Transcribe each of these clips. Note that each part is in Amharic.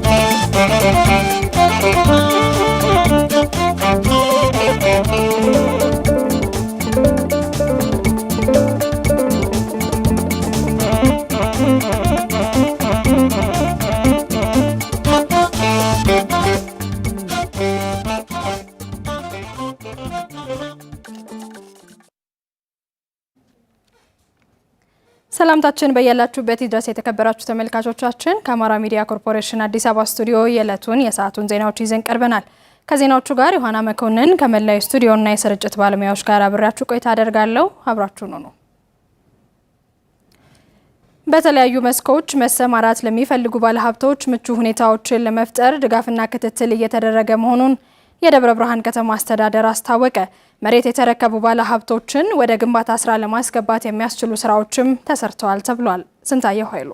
Gracias. ሰላምታችን በያላችሁበት ድረስ የተከበራችሁ ተመልካቾቻችን። ከአማራ ሚዲያ ኮርፖሬሽን አዲስ አበባ ስቱዲዮ የዕለቱን የሰዓቱን ዜናዎች ይዘን ቀርበናል። ከዜናዎቹ ጋር ዮሐና መኮንን ከመላው ስቱዲዮና የስርጭት ባለሙያዎች ጋር አብሬያችሁ ቆይታ አደርጋለሁ። አብራችሁን ሁኑ። በተለያዩ መስኮች መሰማራት ለሚፈልጉ ባለሀብቶች ምቹ ሁኔታዎችን ለመፍጠር ድጋፍና ክትትል እየተደረገ መሆኑን የደብረ ብርሃን ከተማ አስተዳደር አስታወቀ። መሬት የተረከቡ ባለ ሀብቶችን ወደ ግንባታ ስራ ለማስገባት የሚያስችሉ ስራዎችም ተሰርተዋል ተብሏል። ስንታየሁ ኃይሉ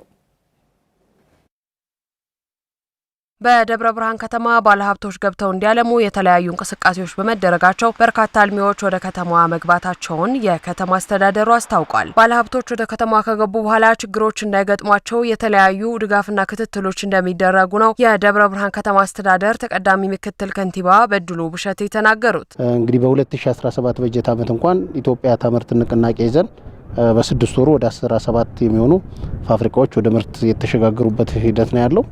በደብረ ብርሃን ከተማ ባለሀብቶች ገብተው እንዲያለሙ የተለያዩ እንቅስቃሴዎች በመደረጋቸው በርካታ አልሚዎች ወደ ከተማዋ መግባታቸውን የከተማ አስተዳደሩ አስታውቋል። ባለሀብቶች ወደ ከተማዋ ከገቡ በኋላ ችግሮች እንዳይገጥሟቸው የተለያዩ ድጋፍና ክትትሎች እንደሚደረጉ ነው የደብረ ብርሃን ከተማ አስተዳደር ተቀዳሚ ምክትል ከንቲባ በድሉ ብሸት የተናገሩት። እንግዲህ በ2017 በጀት ዓመት እንኳን ኢትዮጵያ ታምርት ንቅናቄ ይዘን በስድስት ወሩ ወደ 17 የሚሆኑ ፋብሪካዎች ወደ ምርት የተሸጋገሩበት ሂደት ነው ያለው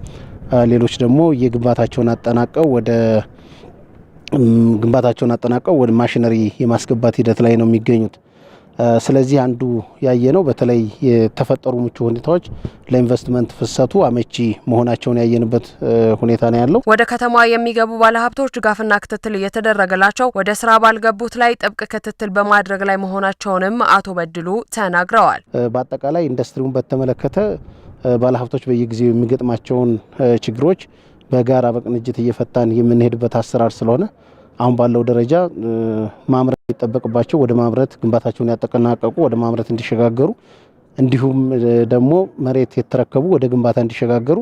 ሌሎች ደግሞ የግንባታቸውን አጠናቀው ወደ ግንባታቸውን አጠናቀው ወደ ማሽነሪ የማስገባት ሂደት ላይ ነው የሚገኙት። ስለዚህ አንዱ ያየ ነው በተለይ የተፈጠሩ ምቹ ሁኔታዎች ለኢንቨስትመንት ፍሰቱ አመቺ መሆናቸውን ያየንበት ሁኔታ ነው ያለው። ወደ ከተማ የሚገቡ ባለሀብቶች ድጋፍና ክትትል እየተደረገላቸው ወደ ስራ ባልገቡት ላይ ጥብቅ ክትትል በማድረግ ላይ መሆናቸውንም አቶ በድሉ ተናግረዋል። በአጠቃላይ ኢንዱስትሪውን በተመለከተ ባለሀብቶች በየጊዜው የሚገጥማቸውን ችግሮች በጋራ በቅንጅት እየፈታን የምንሄድበት አሰራር ስለሆነ አሁን ባለው ደረጃ ማምረት የሚጠበቅባቸው ወደ ማምረት ግንባታቸውን ያጠናቀቁ ወደ ማምረት እንዲሸጋገሩ እንዲሁም ደግሞ መሬት የተረከቡ ወደ ግንባታ እንዲሸጋገሩ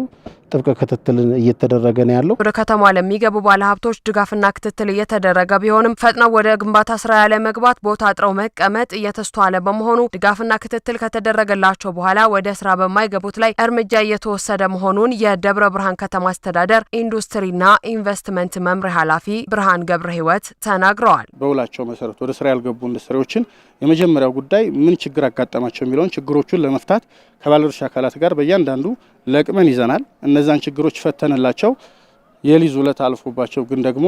ጥብቅ ክትትል እየተደረገ ነው ያለው። ወደ ከተማ ለሚገቡ ባለሀብቶች ድጋፍና ክትትል እየተደረገ ቢሆንም ፈጥነው ወደ ግንባታ ስራ ያለ መግባት፣ ቦታ አጥረው መቀመጥ እየተስተዋለ በመሆኑ ድጋፍና ክትትል ከተደረገላቸው በኋላ ወደ ስራ በማይገቡት ላይ እርምጃ እየተወሰደ መሆኑን የደብረ ብርሃን ከተማ አስተዳደር ኢንዱስትሪና ኢንቨስትመንት መምሪያ ኃላፊ ብርሃን ገብረ ህይወት ተናግረዋል። በውላቸው መሰረት ወደ ስራ ያልገቡ ኢንዱስትሪዎችን የመጀመሪያው ጉዳይ ምን ችግር አጋጠማቸው የሚለውን ችግሮቹን ለመፍታት ከባለድርሻ አካላት ጋር በእያንዳንዱ ለቅመን ይዘናል። እነዛን ችግሮች ፈተንላቸው የሊዝ ውለት አልፎባቸው ግን ደግሞ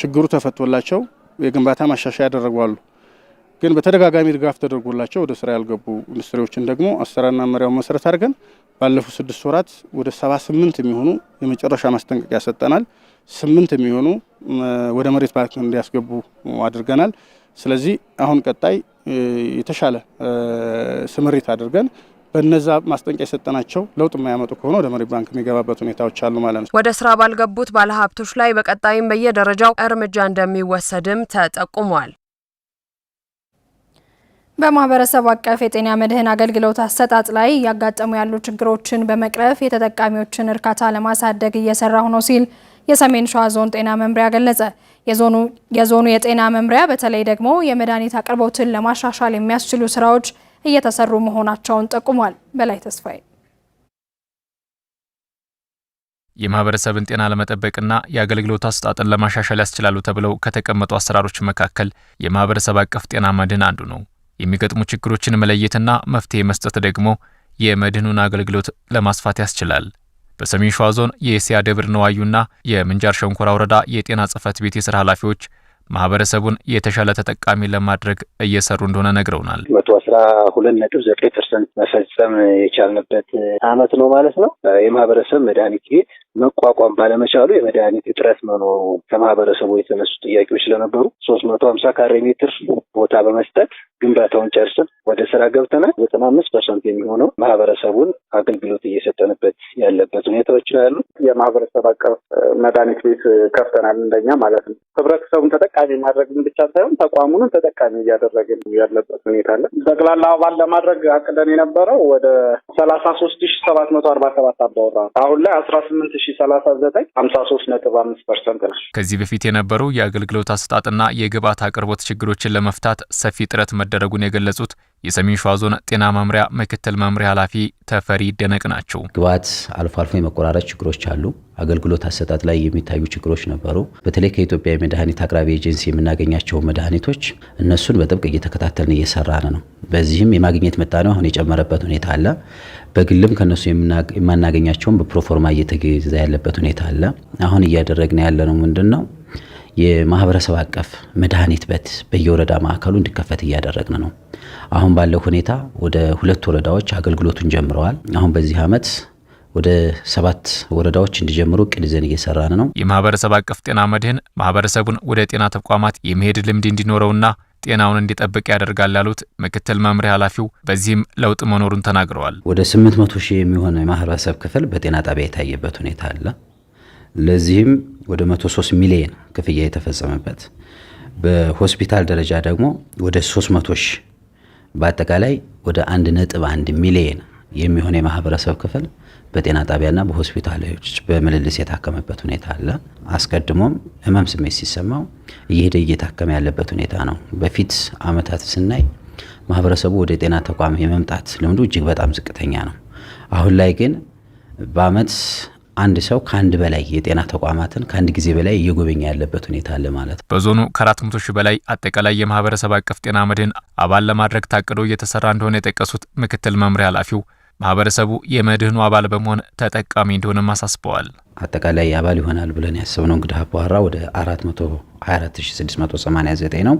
ችግሩ ተፈቶላቸው የግንባታ ማሻሻያ ያደረጉ አሉ። ግን በተደጋጋሚ ድጋፍ ተደርጎላቸው ወደ ስራ ያልገቡ ኢንዱስትሪዎችን ደግሞ አሰራርና መሪያው መሰረት አድርገን ባለፉት ስድስት ወራት ወደ ሰባ ስምንት የሚሆኑ የመጨረሻ ማስጠንቀቂያ ሰጠናል። ስምንት የሚሆኑ ወደ መሬት ባንክ እንዲያስገቡ አድርገናል። ስለዚህ አሁን ቀጣይ የተሻለ ስምሪት አድርገን በነዛ ማስጠንቂያ የሰጠናቸው ለውጥ የማያመጡ ከሆነ ወደ መሪ ባንክ የሚገባበት ሁኔታዎች አሉ ማለት ነው። ወደ ስራ ባልገቡት ባለሀብቶች ላይ በቀጣይም በየደረጃው እርምጃ እንደሚወሰድም ተጠቁሟል። በማህበረሰብ አቀፍ የጤና መድህን አገልግሎት አሰጣጥ ላይ እያጋጠሙ ያሉ ችግሮችን በመቅረፍ የተጠቃሚዎችን እርካታ ለማሳደግ እየሰራሁ ነው ሲል የሰሜን ሸዋ ዞን ጤና መምሪያ ገለጸ። የዞኑ የጤና መምሪያ በተለይ ደግሞ የመድኃኒት አቅርቦትን ለማሻሻል የሚያስችሉ ስራዎች እየተሰሩ መሆናቸውን ጠቁሟል። በላይ ተስፋዬ የማህበረሰብን ጤና ለመጠበቅና የአገልግሎት አሰጣጥን ለማሻሻል ያስችላሉ ተብለው ከተቀመጡ አሰራሮች መካከል የማህበረሰብ አቀፍ ጤና መድህን አንዱ ነው። የሚገጥሙ ችግሮችን መለየትና መፍትሄ መስጠት ደግሞ የመድህኑን አገልግሎት ለማስፋት ያስችላል። በሰሜን ሸዋ ዞን የእስያ ደብር ነዋዩና የምንጃር ሸንኮራ ወረዳ የጤና ጽህፈት ቤት የስራ ኃላፊዎች ማህበረሰቡን የተሻለ ተጠቃሚ ለማድረግ እየሰሩ እንደሆነ ነግረውናል። መቶ አስራ ሁለት ነጥብ ዘጠኝ ፐርሰንት መፈጸም የቻልንበት አመት ነው ማለት ነው። የማህበረሰብ መድኃኒት ቤት መቋቋም ባለመቻሉ የመድኃኒት እጥረት መኖሩ ከማህበረሰቡ የተነሱ ጥያቄዎች ስለነበሩ ሶስት መቶ ሀምሳ ካሬ ሜትር ቦታ በመስጠት ግንባታውን ጨርሰን ወደ ስራ ገብተናል። ዘጠና አምስት ፐርሰንት የሚሆነው ማህበረሰቡን አገልግሎት እየሰጠንበት ያለበት ሁኔታዎች ነው ያሉ። የማህበረሰብ አቀፍ መድኃኒት ቤት ከፍተናል እንደኛ ማለት ነው። ህብረተሰቡን ተጠቃሚ ማድረግን ብቻ ሳይሆን ተቋሙንም ተጠቃሚ እያደረግን ያለበት ሁኔታ አለ። ጠቅላላ አባል ለማድረግ አቅደን የነበረው ወደ ሰላሳ ሶስት ሺ ሰባት መቶ አርባ ሰባት አባወራ አሁን ላይ አስራ ስምንት ሺ ሰላሳ ዘጠኝ ሀምሳ ሶስት ነጥብ አምስት ፐርሰንት ነው። ከዚህ በፊት የነበሩ የአገልግሎት አሰጣጥና የግብአት አቅርቦት ችግሮችን ለመፍታት ሰፊ ጥረት መደረጉን የገለጹት የሰሜን ሸዋ ዞን ጤና መምሪያ ምክትል መምሪያ ኃላፊ ተፈሪ ደነቅ ናቸው። ግብአት አልፎ አልፎ የመቆራረጥ ችግሮች አሉ። አገልግሎት አሰጣጥ ላይ የሚታዩ ችግሮች ነበሩ። በተለይ ከኢትዮጵያ የመድኃኒት አቅራቢ ኤጀንሲ የምናገኛቸው መድኃኒቶች እነሱን በጥብቅ እየተከታተልን እየሰራን ነው። በዚህም የማግኘት መጣነው አሁን የጨመረበት ሁኔታ አለ። በግልም ከነሱ የማናገኛቸውን በፕሮፎርማ እየተገዛ ያለበት ሁኔታ አለ። አሁን እያደረግን ያለነው ምንድን ነው? የማህበረሰብ አቀፍ መድኃኒት በት በየወረዳ ማዕከሉ እንዲከፈት እያደረግን ነው። አሁን ባለው ሁኔታ ወደ ሁለት ወረዳዎች አገልግሎቱን ጀምረዋል። አሁን በዚህ ዓመት ወደ ሰባት ወረዳዎች እንዲጀምሩ እቅድ ይዘን እየሰራን ነው። የማህበረሰብ አቀፍ ጤና መድህን ማህበረሰቡን ወደ ጤና ተቋማት የመሄድ ልምድ እንዲኖረውና ጤናውን እንዲጠብቅ ያደርጋል ያሉት ምክትል መምሪያ ኃላፊው በዚህም ለውጥ መኖሩን ተናግረዋል። ወደ 800 ሺህ የሚሆነ የማህበረሰብ ክፍል በጤና ጣቢያ የታየበት ሁኔታ አለ። ለዚህም ወደ 103 ሚሊየን ክፍያ የተፈጸመበት በሆስፒታል ደረጃ ደግሞ ወደ 300 ሺህ በአጠቃላይ ወደ አንድ ነጥብ አንድ ሚሊየን የሚሆን የማህበረሰብ ክፍል በጤና ጣቢያና በሆስፒታሎች በምልልስ የታከመበት ሁኔታ አለ። አስቀድሞም ህመም ስሜት ሲሰማው እየሄደ እየታከመ ያለበት ሁኔታ ነው። በፊት አመታት ስናይ ማህበረሰቡ ወደ ጤና ተቋም የመምጣት ልምዱ እጅግ በጣም ዝቅተኛ ነው። አሁን ላይ ግን በአመት አንድ ሰው ከአንድ በላይ የጤና ተቋማትን ከአንድ ጊዜ በላይ እየጎበኘ ያለበት ሁኔታ አለ ማለት ነው። በዞኑ ከአራት መቶ ሺህ በላይ አጠቃላይ የማህበረሰብ አቀፍ ጤና መድህን አባል ለማድረግ ታቅዶ እየተሰራ እንደሆነ የጠቀሱት ምክትል መምሪያ ኃላፊው ማህበረሰቡ የመድህኑ አባል በመሆን ተጠቃሚ እንደሆነም አሳስበዋል። አጠቃላይ አባል ይሆናል ብለን ያሰብነው እንግዲህ አባወራ ወደ 424689 ነው።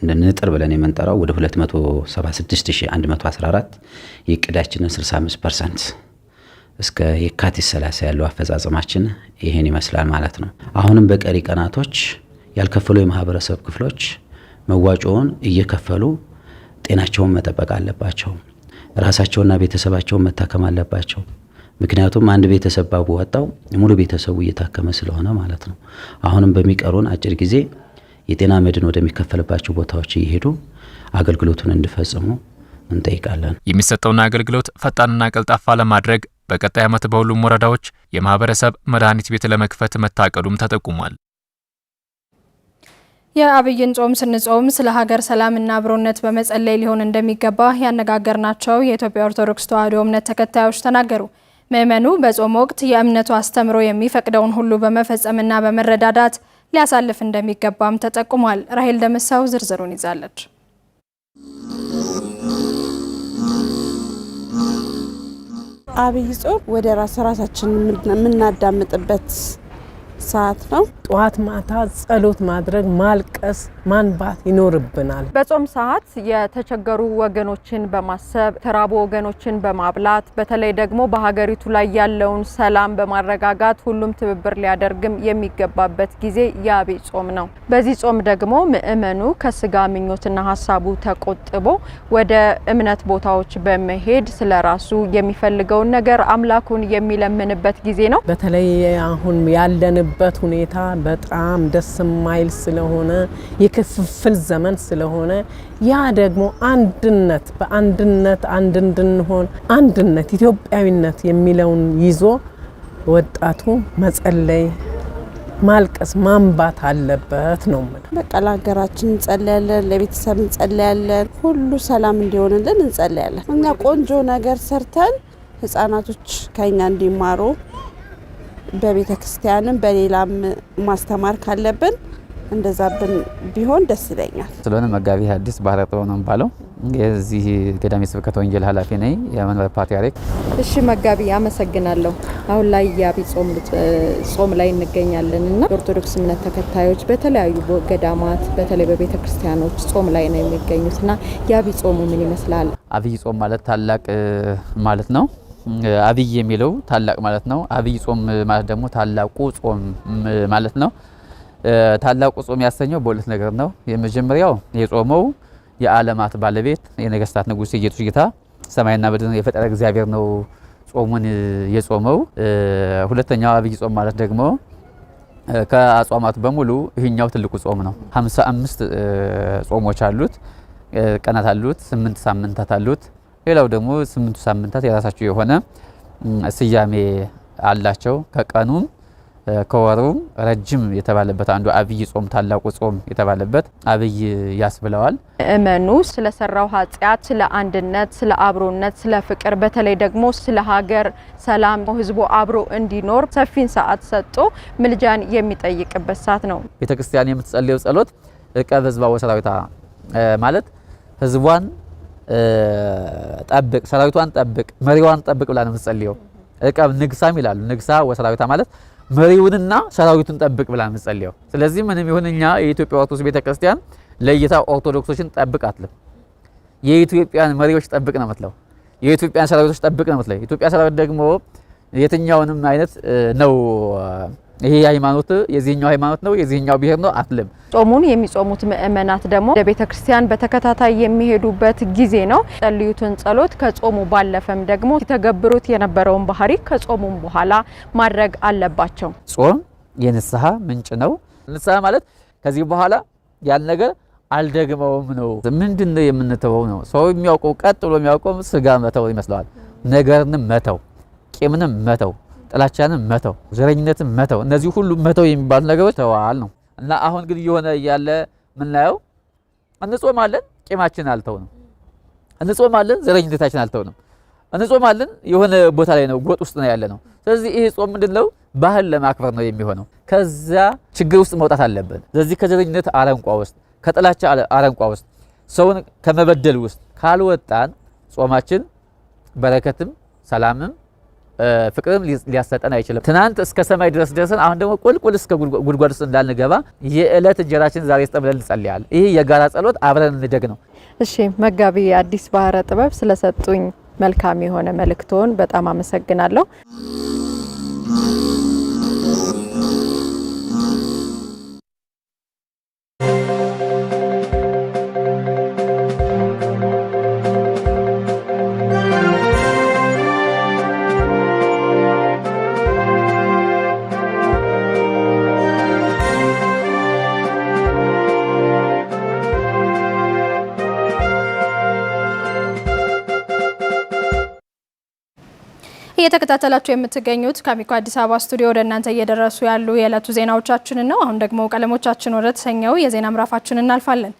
እንደ ንጥር ብለን የምንጠራው ወደ 276114 የእቅዳችንን 65 ፐርሰንት እስከ የካቲት 30 ያለው አፈጻጸማችን ይህን ይመስላል ማለት ነው። አሁንም በቀሪ ቀናቶች ያልከፈሉ የማህበረሰብ ክፍሎች መዋጮውን እየከፈሉ ጤናቸውን መጠበቅ አለባቸው። ራሳቸውና ቤተሰባቸውን መታከም አለባቸው። ምክንያቱም አንድ ቤተሰብ ወጣው ሙሉ ቤተሰቡ እየታከመ ስለሆነ ማለት ነው። አሁንም በሚቀሩን አጭር ጊዜ የጤና መድን ወደሚከፈልባቸው ቦታዎች እየሄዱ አገልግሎቱን እንዲፈጽሙ እንጠይቃለን። የሚሰጠውን አገልግሎት ፈጣንና ቀልጣፋ ለማድረግ በቀጣይ ዓመት በሁሉም ወረዳዎች የማህበረሰብ መድኃኒት ቤት ለመክፈት መታቀዱም ተጠቁሟል። የአብይን ጾም ስንጾም ስለ ሀገር ሰላምና አብሮነት በመጸለይ ሊሆን እንደሚገባ ያነጋገርናቸው የኢትዮጵያ ኦርቶዶክስ ተዋሕዶ እምነት ተከታዮች ተናገሩ። ምዕመኑ በጾም ወቅት የእምነቱ አስተምሮ የሚፈቅደውን ሁሉ በመፈጸምና በመረዳዳት ሊያሳልፍ እንደሚገባም ተጠቁሟል። ራሄል ደመሳው ዝርዝሩን ይዛለች። አብይ ጾም ወደ ራስ ራሳችን የምናዳምጥበት ሰዓት ነው። ጠዋት ማታ ጸሎት ማድረግ፣ ማልቀስ፣ ማንባት ይኖርብናል። በጾም ሰዓት የተቸገሩ ወገኖችን በማሰብ የተራቡ ወገኖችን በማብላት በተለይ ደግሞ በሀገሪቱ ላይ ያለውን ሰላም በማረጋጋት ሁሉም ትብብር ሊያደርግም የሚገባበት ጊዜ የአብይ ጾም ነው። በዚህ ጾም ደግሞ ምእመኑ ከስጋ ምኞትና ሀሳቡ ተቆጥቦ ወደ እምነት ቦታዎች በመሄድ ስለ ራሱ የሚፈልገውን ነገር አምላኩን የሚለምንበት ጊዜ ነው። በተለይ አሁን ያለን ያለንበት ሁኔታ በጣም ደስ የማይል ስለሆነ የክፍፍል ዘመን ስለሆነ ያ ደግሞ አንድነት በአንድነት አንድ እንድንሆን አንድነት ኢትዮጵያዊነት የሚለውን ይዞ ወጣቱ መጸለይ ማልቀስ ማንባት አለበት ነው ምለው በቃ ለሀገራችን እንጸለያለን፣ ለቤተሰብ እንጸለያለን፣ ሁሉ ሰላም እንዲሆንልን እንጸለያለን። እኛ ቆንጆ ነገር ሰርተን ህጻናቶች ከኛ እንዲማሩ በቤተ ክርስቲያንም በሌላም ማስተማር ካለብን እንደዛ ብን ቢሆን ደስ ይለኛል። ስለሆነ መጋቢ ሐዲስ ባህረ ጥበብ ነው የሚባለው። የዚህ ገዳም የስብከተ ወንጌል ኃላፊ ነኝ የመንበር ፓትርያርክ። እሺ መጋቢ አመሰግናለሁ። አሁን ላይ የአብይ ጾም ላይ እንገኛለን እና የኦርቶዶክስ እምነት ተከታዮች በተለያዩ ገዳማት በተለይ በቤተ ክርስቲያኖች ጾም ላይ ነው የሚገኙት እና የአብይ ጾሙ ምን ይመስላል? አብይ ጾም ማለት ታላቅ ማለት ነው አብይ የሚለው ታላቅ ማለት ነው። አብይ ጾም ማለት ደግሞ ታላቁ ጾም ማለት ነው። ታላቁ ጾም ያሰኘው በሁለት ነገር ነው። የመጀመሪያው የጾመው የዓለማት ባለቤት የነገስታት ንጉስ የጌቶች ጌታ ሰማይና ምድር የፈጠረ እግዚአብሔር ነው ጾሙን የጾመው። ሁለተኛው አብይ ጾም ማለት ደግሞ ከአጽዋማት በሙሉ ይህኛው ትልቁ ጾም ነው። 55 ጾሞች አሉት፣ ቀናት አሉት፣ 8 ሳምንታት አሉት ሌላው ደግሞ ስምንቱ ሳምንታት የራሳቸው የሆነ ስያሜ አላቸው። ከቀኑም ከወሩም ረጅም የተባለበት አንዱ አብይ ጾም ታላቁ ጾም የተባለበት አብይ ያስብለዋል። እመኑ ስለ ሰራው ኃጢአት፣ ስለ አንድነት፣ ስለ አብሮነት፣ ስለ ፍቅር በተለይ ደግሞ ስለ ሀገር ሰላም ህዝቡ አብሮ እንዲኖር ሰፊን ሰዓት ሰጥቶ ምልጃን የሚጠይቅበት ሰዓት ነው። ቤተክርስቲያን የምትጸልየው ጸሎት ዕቀብ ህዝባ ወሰራዊታ ማለት ህዝቧን ጠብቅ፣ ሰራዊቷን ጠብቅ፣ መሪዋን ጠብቅ ብላ ነው የምትጸልየው። እቀብ ንግሳም ይላሉ። ንግሳ ወሰራዊታ ማለት መሪውንና ሰራዊቱን ጠብቅ ብላ ነው የምትጸልየው። ስለዚህ ምንም ይሁን እኛ የኢትዮጵያ ኦርቶዶክስ ቤተክርስቲያን ለይታ ኦርቶዶክሶችን ጠብቅ አትልም። የኢትዮጵያን መሪዎች ጠብቅ ነው የምትለው። የኢትዮጵያን ሰራዊቶች ጠብቅ ነው የምትለው። ኢትዮጵያ ሰራዊት ደግሞ የትኛውንም አይነት ነው ይሄ ሃይማኖት የዚህኛው ሃይማኖት ነው፣ የዚህኛው ብሔር ነው አትልም። ጾሙን የሚጾሙት ምእመናት ደግሞ ወደ ክርስቲያን በተከታታይ የሚሄዱበት ጊዜ ነው። ጸልዩትን ጸሎት ከጾሙ ባለፈም ደግሞ ሲተገብሩት የነበረውን ባህሪ ከጾሙም በኋላ ማድረግ አለባቸው። ጾም የንስሐ ምንጭ ነው። ንስሐ ማለት ከዚህ በኋላ ያን ነገር አልደግመውም ነው። ምንድን ነው የምንተወው ነው። ሰው የሚያውቀው ቀጥ ብሎ የሚያውቀው ስጋ መተው ይመስለዋል። ነገርንም መተው ቂምንም መተው ጥላቻንም መተው፣ ዘረኝነትን መተው፣ እነዚህ ሁሉ መተው የሚባሉ ነገሮች ተዋል ነው እና አሁን ግን እየሆነ እያለ ምናየው እንጾማለን፣ ቂማችን አልተውንም። እንጾማለን፣ ዘረኝነታችን አልተውንም። እንጾማለን የሆነ ቦታ ላይ ነው ጎጥ ውስጥ ነው ያለ ነው። ስለዚህ ይሄ ጾም ምንድነው? ባህል ለማክበር ነው የሚሆነው። ከዛ ችግር ውስጥ መውጣት አለብን። ስለዚህ ከዘረኝነት አረንቋ ውስጥ፣ ከጥላቻ አረንቋ ውስጥ፣ ሰውን ከመበደል ውስጥ ካልወጣን ጾማችን በረከትም ሰላምም ፍቅርም ሊያሰጠን አይችልም። ትናንት እስከ ሰማይ ድረስ ደርሰን አሁን ደግሞ ቁልቁል እስከ ጉድጓድ ውስጥ እንዳልንገባ የዕለት እንጀራችን ዛሬ ስጠን ብለን እንጸልያለን። ይህ የጋራ ጸሎት አብረን እንደግ ነው። እሺ መጋቢ አዲስ ባህረ ጥበብ ስለሰጡኝ መልካም የሆነ መልእክቶን በጣም አመሰግናለሁ። እየተከታተላችሁ የምትገኙት ከአሚኮ አዲስ አበባ ስቱዲዮ ወደ እናንተ እየደረሱ ያሉ የዕለቱ ዜናዎቻችንን ነው። አሁን ደግሞ ቀለሞቻችን ወደ ተሰኘው የዜና ምዕራፋችን እናልፋለን።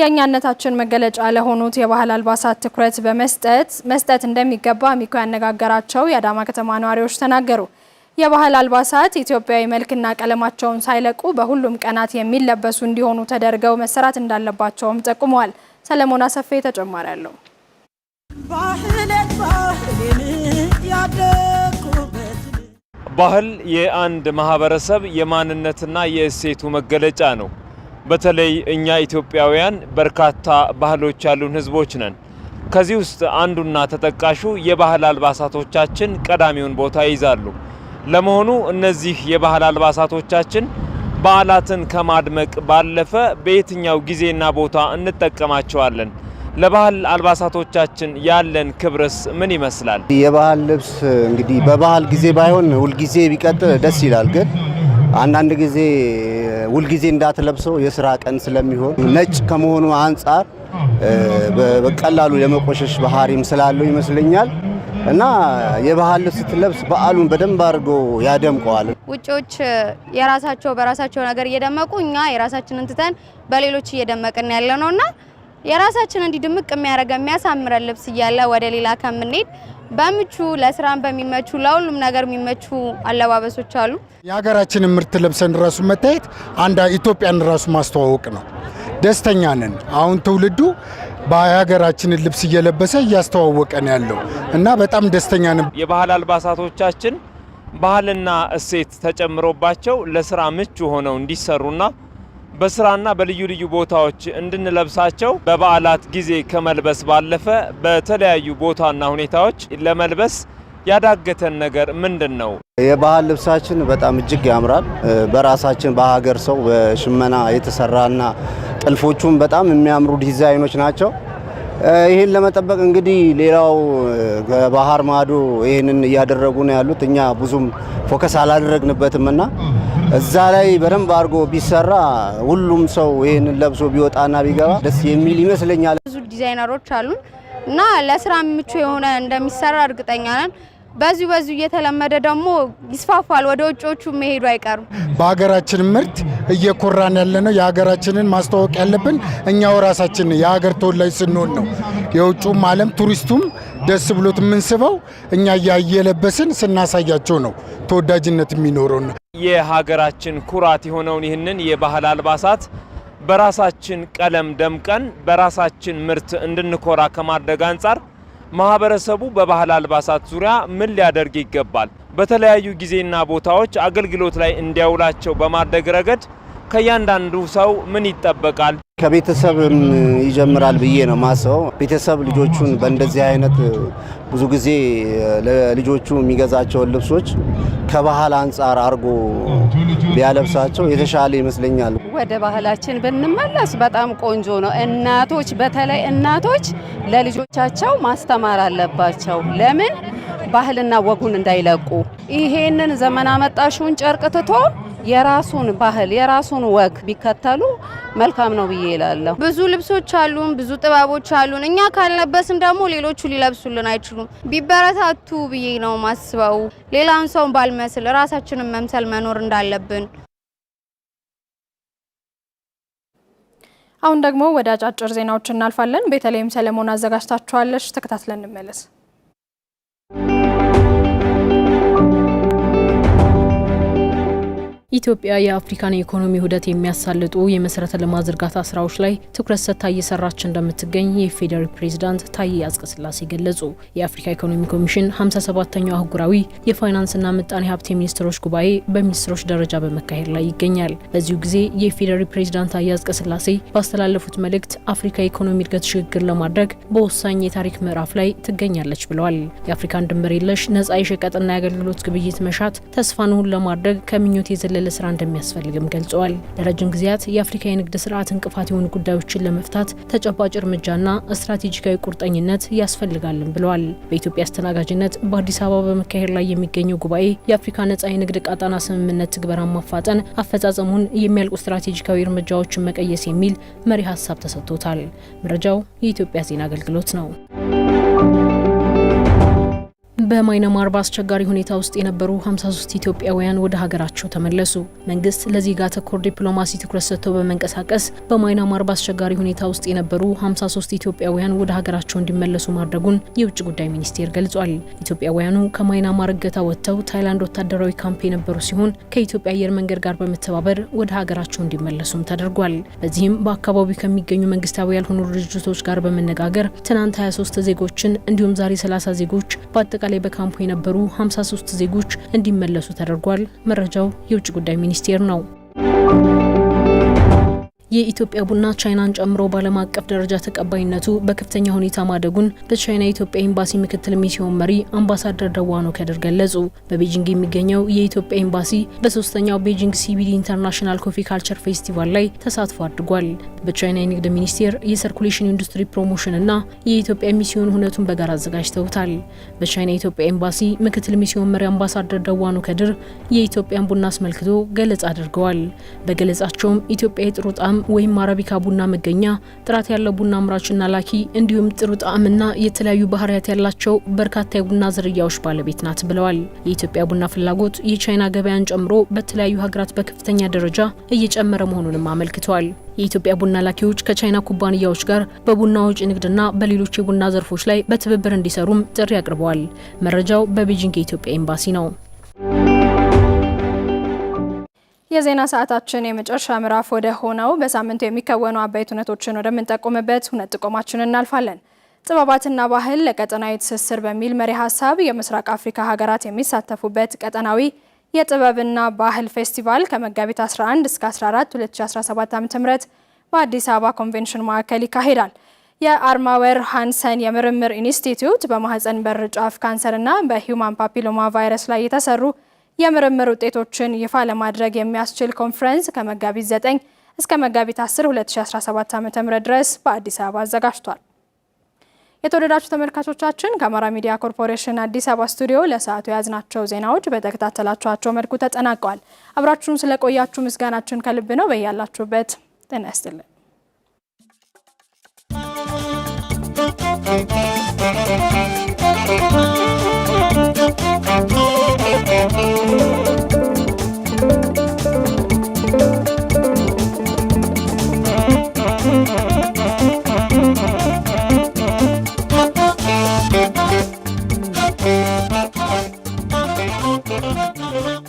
የእኛነታችን መገለጫ ለሆኑት የባህል አልባሳት ትኩረት በመስጠት መስጠት እንደሚገባ አሚኮ ያነጋገራቸው የአዳማ ከተማ ነዋሪዎች ተናገሩ። የባህል አልባሳት ኢትዮጵያዊ መልክና ቀለማቸውን ሳይለቁ በሁሉም ቀናት የሚለበሱ እንዲሆኑ ተደርገው መሰራት እንዳለባቸውም ጠቁመዋል። ሰለሞን አሰፌ ተጨማሪ አለው። ባህል የአንድ ማህበረሰብ የማንነትና የእሴቱ መገለጫ ነው። በተለይ እኛ ኢትዮጵያውያን በርካታ ባህሎች ያሉን ህዝቦች ነን። ከዚህ ውስጥ አንዱና ተጠቃሹ የባህል አልባሳቶቻችን ቀዳሚውን ቦታ ይይዛሉ። ለመሆኑ እነዚህ የባህል አልባሳቶቻችን በዓላትን ከማድመቅ ባለፈ በየትኛው ጊዜና ቦታ እንጠቀማቸዋለን? ለባህል አልባሳቶቻችን ያለን ክብርስ ምን ይመስላል? የባህል ልብስ እንግዲህ በባህል ጊዜ ባይሆን ሁልጊዜ ቢቀጥል ደስ ይላል። ግን አንዳንድ ጊዜ ሁልጊዜ እንዳትለብሰው የስራ ቀን ስለሚሆን ነጭ ከመሆኑ አንጻር በቀላሉ የመቆሸሽ ባህሪም ስላለው ይመስለኛል እና የባህል ልብስ ስትለብስ በዓሉን በደንብ አድርጎ ያደምቀዋል። ውጪዎች የራሳቸው በራሳቸው ነገር እየደመቁ እኛ የራሳችንን ትተን በሌሎች እየደመቅን ያለ ነውና የራሳችን እንዲ ድምቅ የሚያደርገን የሚያሳምረን ልብስ እያለ ወደ ሌላ ከምንሄድ በምቹ ለስራም በሚመቹ ለሁሉም ነገር የሚመቹ አለባበሶች አሉ። የሀገራችንን ምርት ለብሰን ራሱ መታየት አንድ ኢትዮጵያን ራሱ ማስተዋወቅ ነው። ደስተኛ ነን። አሁን ትውልዱ በሀገራችንን ልብስ እየለበሰ እያስተዋወቀ ያለው እና በጣም ደስተኛ ነን። የባህል አልባሳቶቻችን ባህልና እሴት ተጨምሮባቸው ለስራ ምቹ ሆነው እንዲሰሩና በስራና በልዩ ልዩ ቦታዎች እንድንለብሳቸው በበዓላት ጊዜ ከመልበስ ባለፈ በተለያዩ ቦታና ሁኔታዎች ለመልበስ ያዳገተን ነገር ምንድን ነው? የባህል ልብሳችን በጣም እጅግ ያምራል። በራሳችን በሀገር ሰው በሽመና የተሰራና ጥልፎቹም በጣም የሚያምሩ ዲዛይኖች ናቸው። ይህን ለመጠበቅ እንግዲህ ሌላው ከባህር ማዶ ይህንን እያደረጉ ነው ያሉት። እኛ ብዙም ፎከስ አላደረግንበትም እና እዛ ላይ በደንብ አድርጎ ቢሰራ ሁሉም ሰው ይህንን ለብሶ ቢወጣና ቢገባ ደስ የሚል ይመስለኛል። ብዙ ዲዛይነሮች አሉን እና ለስራ ምቹ የሆነ እንደሚሰራ እርግጠኛ ነን። በዚሁ በዚሁ እየተለመደ ደግሞ ይስፋፋል። ወደ ውጮቹ መሄዱ አይቀርም። በሀገራችን ምርት እየኮራን ያለ ነው። የሀገራችንን ማስተዋወቅ ያለብን እኛው ራሳችን የሀገር ተወላጅ ስንሆን ነው። የውጩም ዓለም ቱሪስቱም ደስ ብሎት የምንስበው እኛ እያየለበስን ስናሳያቸው ነው ተወዳጅነት የሚኖረውና የሀገራችን ኩራት የሆነውን ይህንን የባህል አልባሳት በራሳችን ቀለም ደምቀን በራሳችን ምርት እንድንኮራ ከማድረግ አንጻር ማህበረሰቡ በባህል አልባሳት ዙሪያ ምን ሊያደርግ ይገባል? በተለያዩ ጊዜና ቦታዎች አገልግሎት ላይ እንዲያውላቸው በማድረግ ረገድ ከእያንዳንዱ ሰው ምን ይጠበቃል? ከቤተሰብ ይጀምራል ብዬ ነው ማሰው። ቤተሰብ ልጆቹን በእንደዚህ አይነት ብዙ ጊዜ ለልጆቹ የሚገዛቸውን ልብሶች ከባህል አንጻር አድርጎ ቢያለብሳቸው የተሻለ ይመስለኛል። ወደ ባህላችን ብንመለስ በጣም ቆንጆ ነው። እናቶች በተለይ እናቶች ለልጆቻቸው ማስተማር አለባቸው። ለምን ባህልና ወጉን እንዳይለቁ ይሄንን ዘመን አመጣሹን ጨርቅ ትቶ የራሱን ባህል የራሱን ወግ ቢከተሉ መልካም ነው ብዬ ይላለሁ። ብዙ ልብሶች አሉን፣ ብዙ ጥበቦች አሉን። እኛ ካልለበስን ደግሞ ሌሎቹ ሊለብሱልን አይችሉም። ቢበረታቱ ብዬ ነው ማስበው። ሌላውን ሰውን ባልመስል ራሳችንን መምሰል መኖር እንዳለብን። አሁን ደግሞ ወደ አጫጭር ዜናዎች እናልፋለን። በተለይም ሰለሞን አዘጋጅታችኋለች። ተከታትለን እንመለስ። ኢትዮጵያ የአፍሪካን የኢኮኖሚ ውህደት የሚያሳልጡ የመሰረተ ልማት ዝርጋታ ስራዎች ላይ ትኩረት ሰጥታ እየሰራች እንደምትገኝ የፌዴሪ ፕሬዚዳንት ታዬ አጽቀሥላሴ ገለጹ። የአፍሪካ ኢኮኖሚ ኮሚሽን 57ተኛው አህጉራዊ የፋይናንስና ምጣኔ ሀብት የሚኒስትሮች ጉባኤ በሚኒስትሮች ደረጃ በመካሄድ ላይ ይገኛል። በዚሁ ጊዜ የፌዴሪ ፕሬዚዳንት ታዬ አጽቀሥላሴ ባስተላለፉት መልእክት አፍሪካ የኢኮኖሚ እድገት ሽግግር ለማድረግ በወሳኝ የታሪክ ምዕራፍ ላይ ትገኛለች ብለዋል። የአፍሪካን ድንበር የለሽ ነጻ የሸቀጥና የአገልግሎት ግብይት መሻት ተስፋን ለማድረግ ከምኞት የዘለለ ስራ እንደሚያስፈልግም ገልጸዋል። ለረጅም ጊዜያት የአፍሪካ የንግድ ስርዓት እንቅፋት የሆኑ ጉዳዮችን ለመፍታት ተጨባጭ እርምጃና ስትራቴጂካዊ ቁርጠኝነት ያስፈልጋልም ብለዋል። በኢትዮጵያ አስተናጋጅነት በአዲስ አበባ በመካሄድ ላይ የሚገኘው ጉባኤ የአፍሪካ ነጻ የንግድ ቀጣና ስምምነት ትግበራን ማፋጠን፣ አፈጻጸሙን የሚያልቁ ስትራቴጂካዊ እርምጃዎችን መቀየስ የሚል መሪ ሀሳብ ተሰጥቶታል። መረጃው የኢትዮጵያ ዜና አገልግሎት ነው። በማይናማር በአስቸጋሪ ሁኔታ ውስጥ የነበሩ 53 ኢትዮጵያውያን ወደ ሀገራቸው ተመለሱ። መንግስት ለዚህ ጋር ተኮር ዲፕሎማሲ ትኩረት ሰጥቶ በመንቀሳቀስ በማይናማር በአስቸጋሪ ሁኔታ ውስጥ የነበሩ 53 ኢትዮጵያውያን ወደ ሀገራቸው እንዲመለሱ ማድረጉን የውጭ ጉዳይ ሚኒስቴር ገልጿል። ኢትዮጵያውያኑ ከማይናማር እገታ ወጥተው ታይላንድ ወታደራዊ ካምፕ የነበሩ ሲሆን ከኢትዮጵያ አየር መንገድ ጋር በመተባበር ወደ ሀገራቸው እንዲመለሱም ተደርጓል። በዚህም በአካባቢው ከሚገኙ መንግስታዊ ያልሆኑ ድርጅቶች ጋር በመነጋገር ትናንት 23 ዜጎችን እንዲሁም ዛሬ 30 ዜጎች በአጠቃላይ ላይ በካምፑ የነበሩ 53 ዜጎች እንዲመለሱ ተደርጓል። መረጃው የውጭ ጉዳይ ሚኒስቴር ነው። Thank you. የኢትዮጵያ ቡና ቻይናን ጨምሮ በዓለም አቀፍ ደረጃ ተቀባይነቱ በከፍተኛ ሁኔታ ማደጉን በቻይና የኢትዮጵያ ኤምባሲ ምክትል ሚስዮን መሪ አምባሳደር ደዋኖ ከድር ገለጹ። በቤጂንግ የሚገኘው የኢትዮጵያ ኤምባሲ በሶስተኛው ቤጂንግ ሲቢዲ ኢንተርናሽናል ኮፊ ካልቸር ፌስቲቫል ላይ ተሳትፎ አድርጓል። በቻይና የንግድ ሚኒስቴር የሰርኩሌሽን ኢንዱስትሪ ፕሮሞሽን እና የኢትዮጵያ ሚስዮን ሁነቱን በጋራ አዘጋጅተውታል። በቻይና የኢትዮጵያ ኤምባሲ ምክትል ሚስዮን መሪ አምባሳደር ደዋኖ ከድር የኢትዮጵያን ቡና አስመልክቶ ገለጻ አድርገዋል። በገለጻቸውም ኢትዮጵያ የጥሩ ጣዕም ወይም አረቢካ ቡና መገኛ፣ ጥራት ያለው ቡና አምራችና ላኪ እንዲሁም ጥሩ ጣዕምና የተለያዩ ባህሪያት ያላቸው በርካታ የቡና ዝርያዎች ባለቤት ናት ብለዋል። የኢትዮጵያ ቡና ፍላጎት የቻይና ገበያን ጨምሮ በተለያዩ ሀገራት በከፍተኛ ደረጃ እየጨመረ መሆኑንም አመልክተዋል። የኢትዮጵያ ቡና ላኪዎች ከቻይና ኩባንያዎች ጋር በቡና ወጪ ንግድና በሌሎች የቡና ዘርፎች ላይ በትብብር እንዲሰሩም ጥሪ አቅርበዋል። መረጃው በቤጂንግ የኢትዮጵያ ኤምባሲ ነው። የዜና ሰዓታችን የመጨረሻ ምዕራፍ ወደ ሆነው በሳምንቱ የሚከወኑ አበይት ሁነቶችን ወደምንጠቁምበት ሁነት ጥቆማችን እናልፋለን። ጥበባትና ባህል ለቀጠናዊ ትስስር በሚል መሪ ሀሳብ የምስራቅ አፍሪካ ሀገራት የሚሳተፉበት ቀጠናዊ የጥበብና ባህል ፌስቲቫል ከመጋቢት 11 እስከ 14 2017 ዓ.ም በአዲስ አበባ ኮንቬንሽን ማዕከል ይካሄዳል። የአርማወር ሃንሰን የምርምር ኢንስቲትዩት በማህፀን በር ጫፍ ካንሰርና በሂውማን ፓፒሎማ ቫይረስ ላይ የተሰሩ የምርምር ውጤቶችን ይፋ ለማድረግ የሚያስችል ኮንፈረንስ ከመጋቢት 9 እስከ መጋቢት 10 2017 ዓ.ም ድረስ በአዲስ አበባ አዘጋጅቷል። የተወደዳችሁ ተመልካቾቻችን ከአማራ ሚዲያ ኮርፖሬሽን አዲስ አበባ ስቱዲዮ ለሰዓቱ የያዝናቸው ዜናዎች በተከታተላችኋቸው መልኩ ተጠናቀዋል። አብራችሁን ስለቆያችሁ ምስጋናችን ከልብ ነው። በያላችሁበት ጤና ይስጥልን።